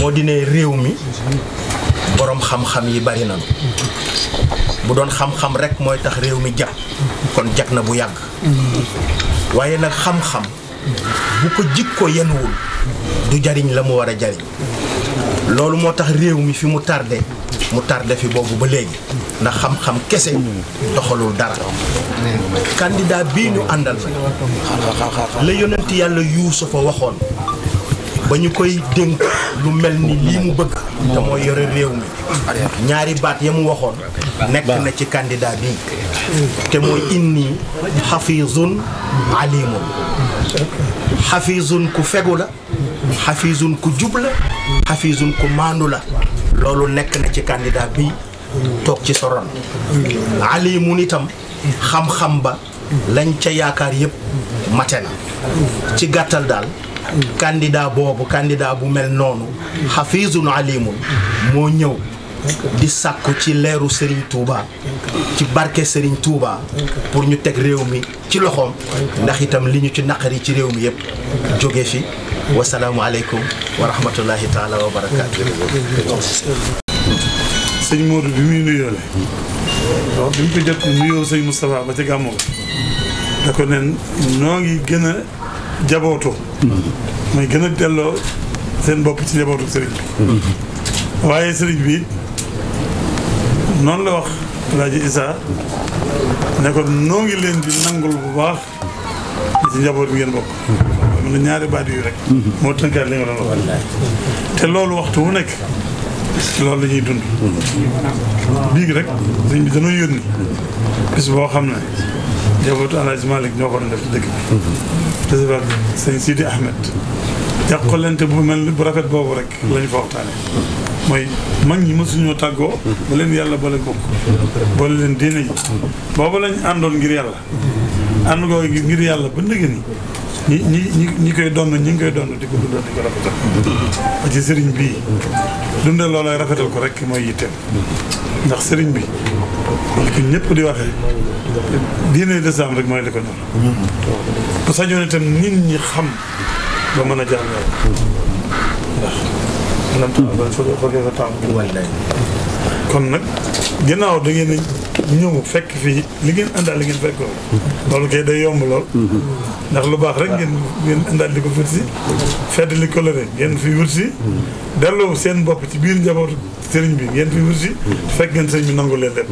moo di réew mi boroom xam-xam yi bari nañu bu doon xam-xam rekk mooy tax réew mi jag kon jag na bu yàgg waaye nag xam-xam bu ko jikko yenuwul du jariñ la mu war a jariñ loolu moo tax réew mi fi mu tardé mu tardé fi boobu ba léegi ndax xam-xam kese doxalul dara candidat bii ñu àndal la yonent yàlla yuusufa waxoon ba ñu koy dénk lu mel ni lii mu bëgg te mooy yore réew mi ñaari baat ya mu waxoon nekk na ci candidat bi te mooy inni xafizun alimun xafizun ku fegu la xafizun ku jub la xafizun ku maandu la loolu nekk na ci candidat bi toog ci soron alimun itam xam-xam ba lañ ca yaakaar yëpp mate na ci gàttal daal candidat boobu candidat bu mel noonu xafiisun alimul moo ñëw di sàkku ci leeru Serigne Touba ci barke Serigne Touba pour ñu teg réew mi ci loxoom ndax itam li ñu ci naqari ci réew mi yëpp jóge fi wasalaamualeykum wa rahmatullahi taala wa barakaatu sëñ Modou bi muy nuyoo la wax bi mu ko jot nuyoo sëñ Moustapha ba ci gàmmu da ko neen noo ngi gën jabootu may gën a delloo seen bopp ci jabootu sëriñ bi waaye sëriñ bi noonu la wax Laaji Isaa ne ko noo ngi leen di nangul bu baax di ci njaboot bi ngeen bokk mun na ñaari baat yu rek moo tënkaat li nga wax te loolu waxtu wu nekk loolu la ñuy dund biig rek sëriñ bi dana yónni bis boo xam ne njabootu Alaaji Malick ñoo ko doon def ci dëkk bi. président sëñ Sidi Ahmed. jàqalante bu mel ni bu rafet boobu rek. la ñu fa waxtaanee. mooy mag ñi mësuñoo tàggoo. ba leen yàlla boole bokk. boole leen diine yi. boobu lañ àndoon ngir yàlla. ànd googu ngir yàlla ba ndëgg ni ñi ñi ñi ñi koy donn ñi ngi koy donn di ko dundal di ko rafetal. ba ci sëriñ bii. dundal loolay rafetal ko rek mooy yitteem. ndax sëriñ bi. li ko ñëpp di waxee. diine lislaam rek mooy li ko ñor. bu sañoon itam nit ñi xam ba mën a jàng ndax nam taal ba foo foogee fa tàmm kon nag ginnaaw da ngeen ñëw fekk fii li ngeen àndaal li ngeen fekkoo loolu kay day yomb lool ndax lu baax rek ngeen ngeen àndaal ko wut si fedd li ko la ngeen fi wut si delloo seen bopp ci biir njaboot sëriñ bi ngeen fi wut si fekk ngeen sëriñ bi nangu leen lépp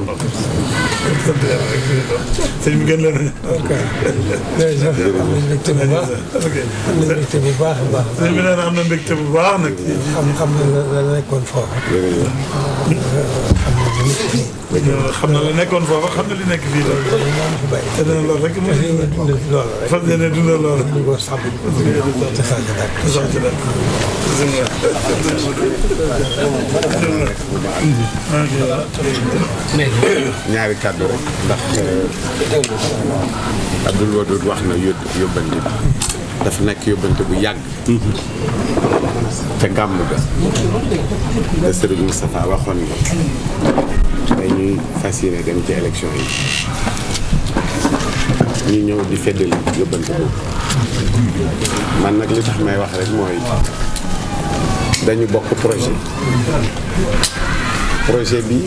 sant yàlla rek sëriñ bi gën leen mbégte bu baax a baax sëriñ bi nee na am na mbégte bu baax nag xam xam na la nekkoon foofu xam na li nekkoon foofa xam na nekk fii ñaari kàddu rek ndax eh, Abdoul Wadoud wax na yóbbante bi dafa nekk yóbbante bu yàgg te gàmm ga da Sëriñ Moustapha waxoon nga dañuy fas yéene dem ci élection yi ñu ñëw di feddali yóbbante boobu man nag li tax may wax rek mooy dañu bokk projet projet bi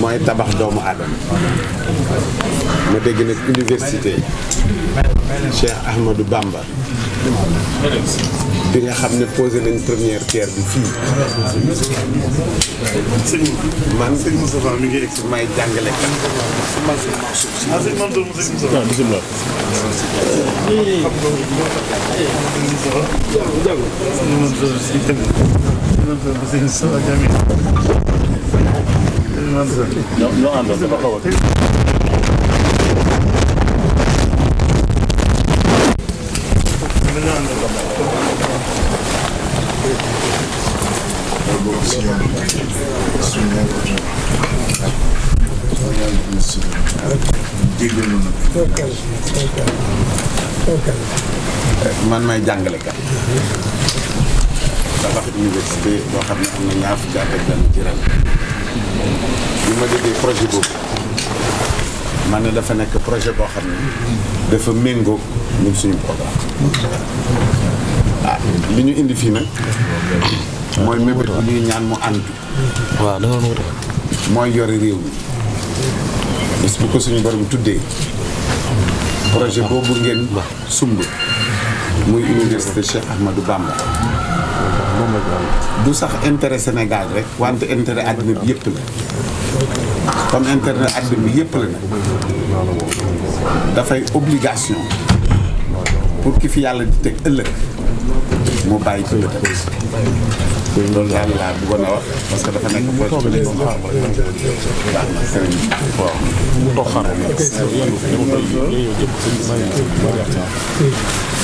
mooy tabax doomu aadama ma dégg nag université Cheikh Ahmadou Bamba bi nga xam ne posé nañ première pierre bi fii man ñoo ñoo àndoon dafa xaw a. man may jàngalekat tabax université boo xam ne am na ñaar fukki at ak benn ci ren bi ma déggee projet boobu man ne dafa nekk projet boo xam ne dafa méngoo ñun suñu programme ah li ñu indi fii nag mooy mébét bu ñaan mu ànd waaw da mooy yore réew mi bis bu ko suñu borom tuddee projet boobu ngeen sumb muy université Cheikh Ahmadou Bamba du sax intérêt Sénégal rek wante intere àddina bi yëpp la comme intérêt àddina bi yëpp la nag dafay obligation pour ki fi yàlla di teg ëllëg moo bàyyi ci bët loolu daal laa bëggoon a wax parce dafa nekk projet nekk waaw sëriñ waaw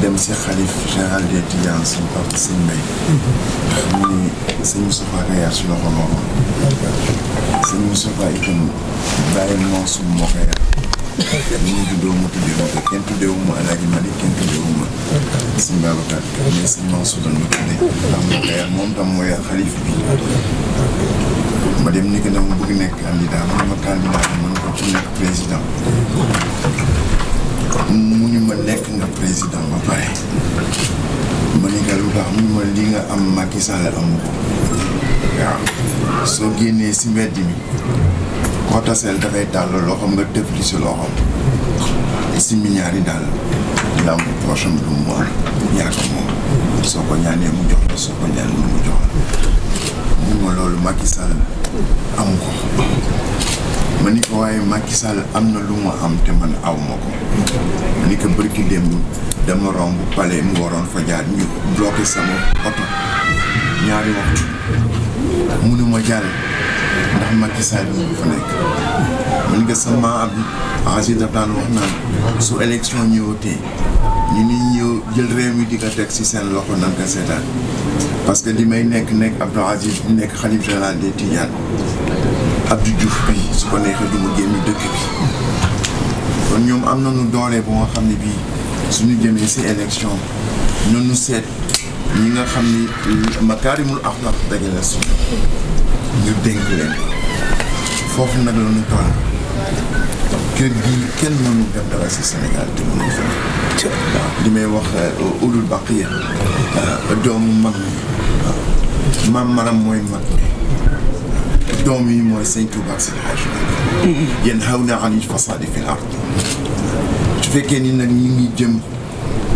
dem si xalif général des Tidianes suñ papa sëñ Mbaye. xam ni sëñ Moustapha nga yar si loxo noonu. sëñ Moustapha itam bàyyi Mansour moo ko yar. ñu ngi juddoo mu tuddee ma ko kenn tuddee wu ma El Hadj Malick kenn tuddee wu ma. sëñ Babacar mais sëñ Mansour dañ ma tuddee. ndax moo ko yar moom tam moo yar xalif bi. ma dem ni que dama bëgg nekk candidat man ma candidat man ko ci nekk président. président ba pare ma ne ko lu tax mu ma li nga am Macky Sall waaw soo génnee si mbedd mi koo taseel dafay tàll loo xam nga tëf si loo xam si milliards yi daal dina am poche mu ko moom soo ko ma loolu Macky Sall ko ma ni ko waaye Macky Sall am na lu mu am te man aw ma ko ma ni ko bërki démb dama romb palais mu waroon fa jaar ñu bloqué sama oto ñaari waxtu mu ne ma jàll ndax Macky Sall mu fa nekk ma ni ko sama ab agi daf daan wax naan su élection ñëwatee ñu ni ñëw jël réew mi di ko teg ci seen loxo nan ko seetaan parce que li may nekk nekk Abdou Aziz nekk xalif général des Tidiane Abdou Diouf bi su ko neexee du mu dëkk bi kon ñoom am na nañu doole bu nga xam ne bii suñu jëmee si élection ñooñu seet ñi nga xam ni makaarimul axlaq daje la suñu ñu dénk leen foofu nag la ñu toll kër gi kenn mënu def dara si Sénégal te mënu fa li may wax euh, ulul baqiya euh, doomu mag mi waaw maam maram mooy mag doom yi mooy sëñ Touba ak sëñ Hajj yéen xaw naa xam ni fasaadi fil ard su fekkee ni nag ñu ngi jëm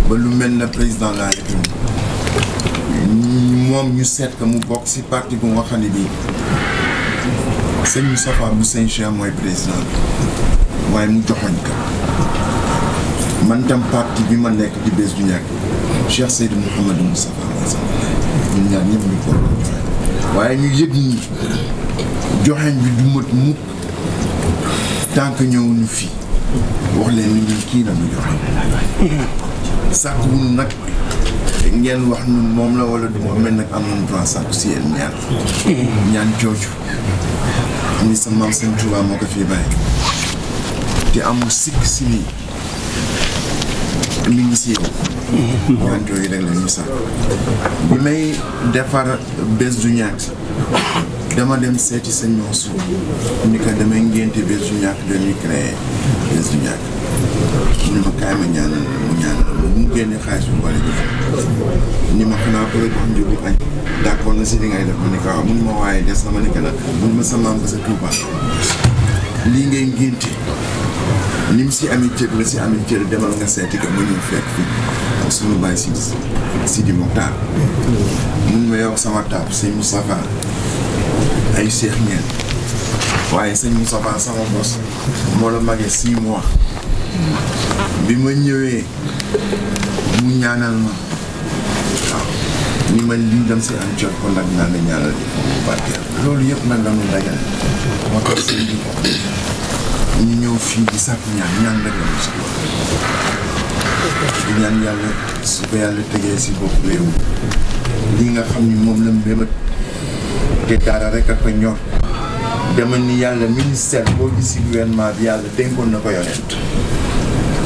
ba lu mel na président de la République moom ñu seet que mu bokk si parti bu nga xam ne bii sëñ Moustapha bu sëñ Cheikh mooy président bi waaye mu joxoñ ka man tam parti bi ma nekk di bés du ñàkk Cheikh Seydou Mouhamadou Moustapha ñun ñaar ñëpp ñu ko waaye ñu yëg nii joxeñ bi du mët mukk tànk ñëwuñu fi wax leen ni ñun kii la ñu joxe sàkk nag ngeen wax nun moom la wala du moom mel nag am nañu droit sàkk si yéen ñaan jooju am ni sa maam seen Tuubaa moo ko fii bàyyi te amul sikk si nii mi ngi si yow ñaan jooju rek la sàkk bi may defar bés du ñaat dama dem seeti sëñ Mansour ni ko damay ngénte bés du ñàkk dañuy créé bés du ñàkk ñu ma kaay ma ñaanal mu ñaanal mu mu génne xaalis bu wala jëf ñu ma xanaa ko la jox njëgu añ d'accord na si li ngay def ma ni waaw mun ma waaye des na ma ni ko nag mun ma sa maam ba sa Tuuba lii ngay ngénte ni si amee cër la si amee demal nga seeti ko ma ñëw fekk fi ak sunu baay si Sidi Mokhtar mun ma yow sama taab sëñ Moustapha ay seex ñeen waaye sëñ Moustapha sama bos moo la magee six mois bi ma ñëwee mu ñaanal ma waaw ni ma lii dem si am cot kon nag naa la ñaanal di ko mu barkeel loolu yëpp nag la mu dajale moo tax sëñ bi ñu ñëw fii di sàkk ñaan ñaan rek la si di ñaan yàlla su ko yàlla tegee si bopp réew li nga xam ni moom la mbébét te dara rek a ko ñor dama ni yàlla ministère boo gis si gouvernement bi yàlla dénkoon na ko yonent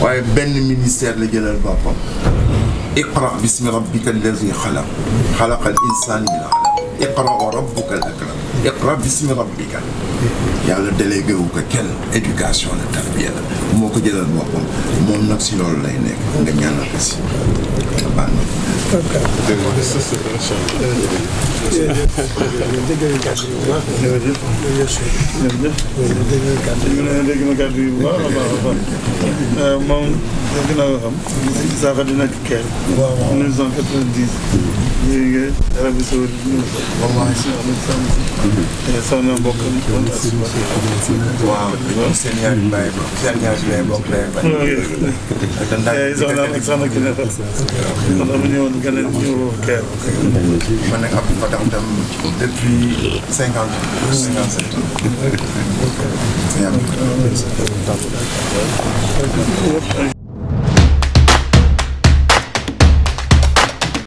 waaye benn ministère la jëlal boppam iqra bismi rabbika allazi xalaq xalaqal insaan min alaq iqra wa rabbuka al akram iqra bismi rabbika yàlla délégué wu ko kenn éducation la tarbiya la moo ko jëlal boppam moom nag si loolu lay nekk nga ñaanal ko si baax na. Euh, moom dëgg naa ko xam. saafara dina ci kër. waaw waaw ñu ngi Arabie Saoudite ñu ngi ko. waaw seen ñaari mbaay bokk seen ñaari mbaay bokk lay bañ. ak daan daan soxna ak soxna ki ne fa. kon amuñu woon gën a ñu woo keer. man nag Abdou Fatah tam depuis cinquante ans. cinquante sept ans.